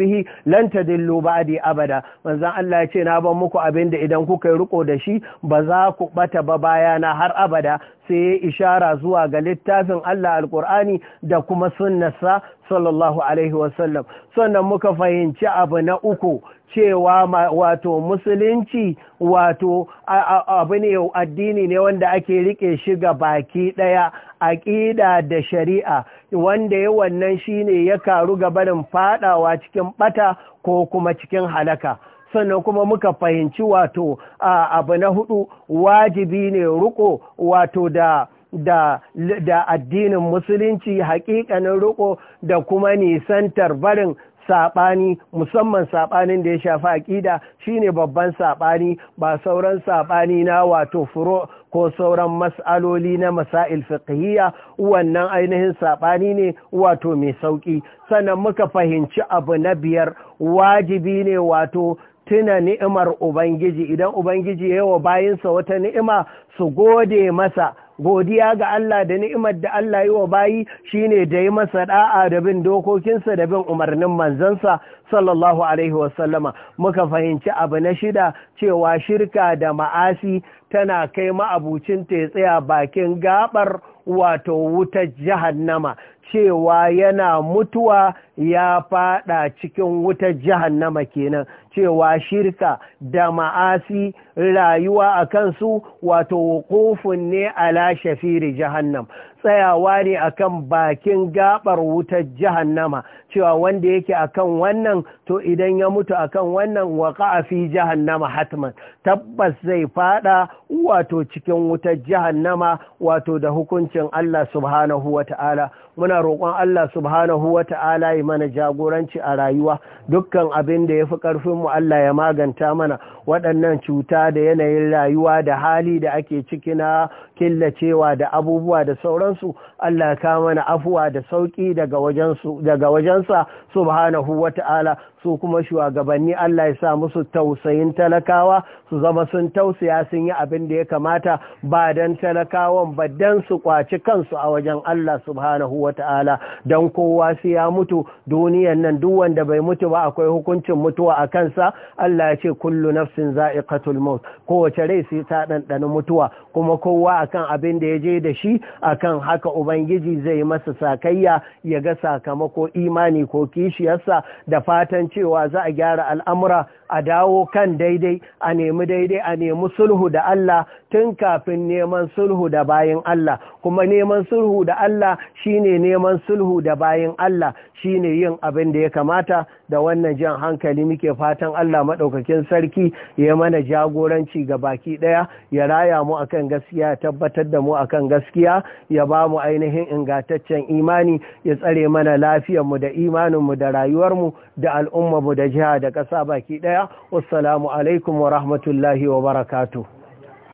S1: bihi lan tadillu ba'di abada manzan Allah ya ce na ban muku abin da idan kuka yi riko da shi ba za ku bata ba bayana har abada sai ishara zuwa ga littafin Allah alkur'ani da kuma sunnarsa sallallahu alaihi wasallam sannan muka fahimci abu na uku cewa wato musulunci wato abu ne addini ne wanda ake rike shi ga baki daya aƙida da shari'a wanda ya wannan shine ya karu gabanin fadawa cikin ɓata ko kuma cikin halaka sannan kuma muka fahimci wato a abu na hudu wajibi ne ruko wato da da, da addinin musulunci hakikanin riko da kuma nisantar barin saɓani musamman saɓanin da ya shafi aƙida shine babban saɓani ba sauran saɓani na wato furo ko sauran mas'aloli na masail fiqhiyya wannan ainihin saɓani ne wato mai sauƙi sannan muka fahimci abu na biyar wajibi ne wato tuna ni'imar Ubangiji idan Ubangiji ya yi wa bayinsa wata ni'ima su gode masa godiya ga Allah da ni'imar da Allah yi wa bayi shi ne da yi masa ɗa'a da bin dokokinsa da bin umarnin manzansa sallallahu alaihi wasallama muka fahimci abu na shida cewa shirka da ma'asi tana kai ma'abucin ta tsaya bakin gabar wato wutar jahannama cewa yana mutuwa ya fada cikin wutar jahannama kenan cewa shirka da ma'asi rayuwa a kansu wato wukufun ne ala shafiri jahannam tsayawa ne akan bakin gabar wutar jahannama cewa wanda yake akan wannan to idan ya mutu akan wannan waka fi jahannama hatman tabbas zai fada wato cikin wutar jahannama wato da hukuncin Allah subhanahu wa ta'ala muna roƙon Allah subhanahu wa ta'ala yi mana jagoranci a rayuwa dukkan abin da ya fi ƙarfinmu Allah ya maganta mana waɗannan cuta da yanayin rayuwa da hali da ake ciki na killacewa da abubuwa da sauransu Allah ka mana afuwa da sauƙi daga wajensa subhanahu wa ta'ala su kuma shugabanni Allah ya sa musu tausayin talakawa su zama sun tausaya sun yi abin da ya kamata ba dan talakawan ba don su kwaci kansu a wajen Allah subhanahu wa ta'ala don kowa su ya mutu duniyan nan duk wanda bai mutu ba akwai hukuncin mutuwa a kansa Allah ya ce kullu nafsin za'iqatul maut kowace rai sai ta ɗanɗana mutuwa kuma kowa akan abin da ya je da shi akan haka ubangiji zai masa sakayya ya ga sakamako imani ko kishiyarsa da fatan cewa za a gyara al'amura a dawo kan daidai a nemi daidai a nemi sulhu da Allah tun kafin neman sulhu da bayan Allah kuma neman sulhu da Allah shine neman sulhu da bayan Allah shine yin abin da ya kamata da wannan jan hankali muke fatan Allah madaukakin sarki ya mana jagoranci ga baki ɗaya, ya raya mu akan gaskiya ya tabbatar da mu akan gaskiya ya ba mu ainihin ingantaccen imani ya tsare mana lafiyar mu da imaninmu da rayuwarmu da al'ummar mu da jiha da ƙasa baki ɗaya. wassalamu alaikum wa rahmatullahi wa barakatuh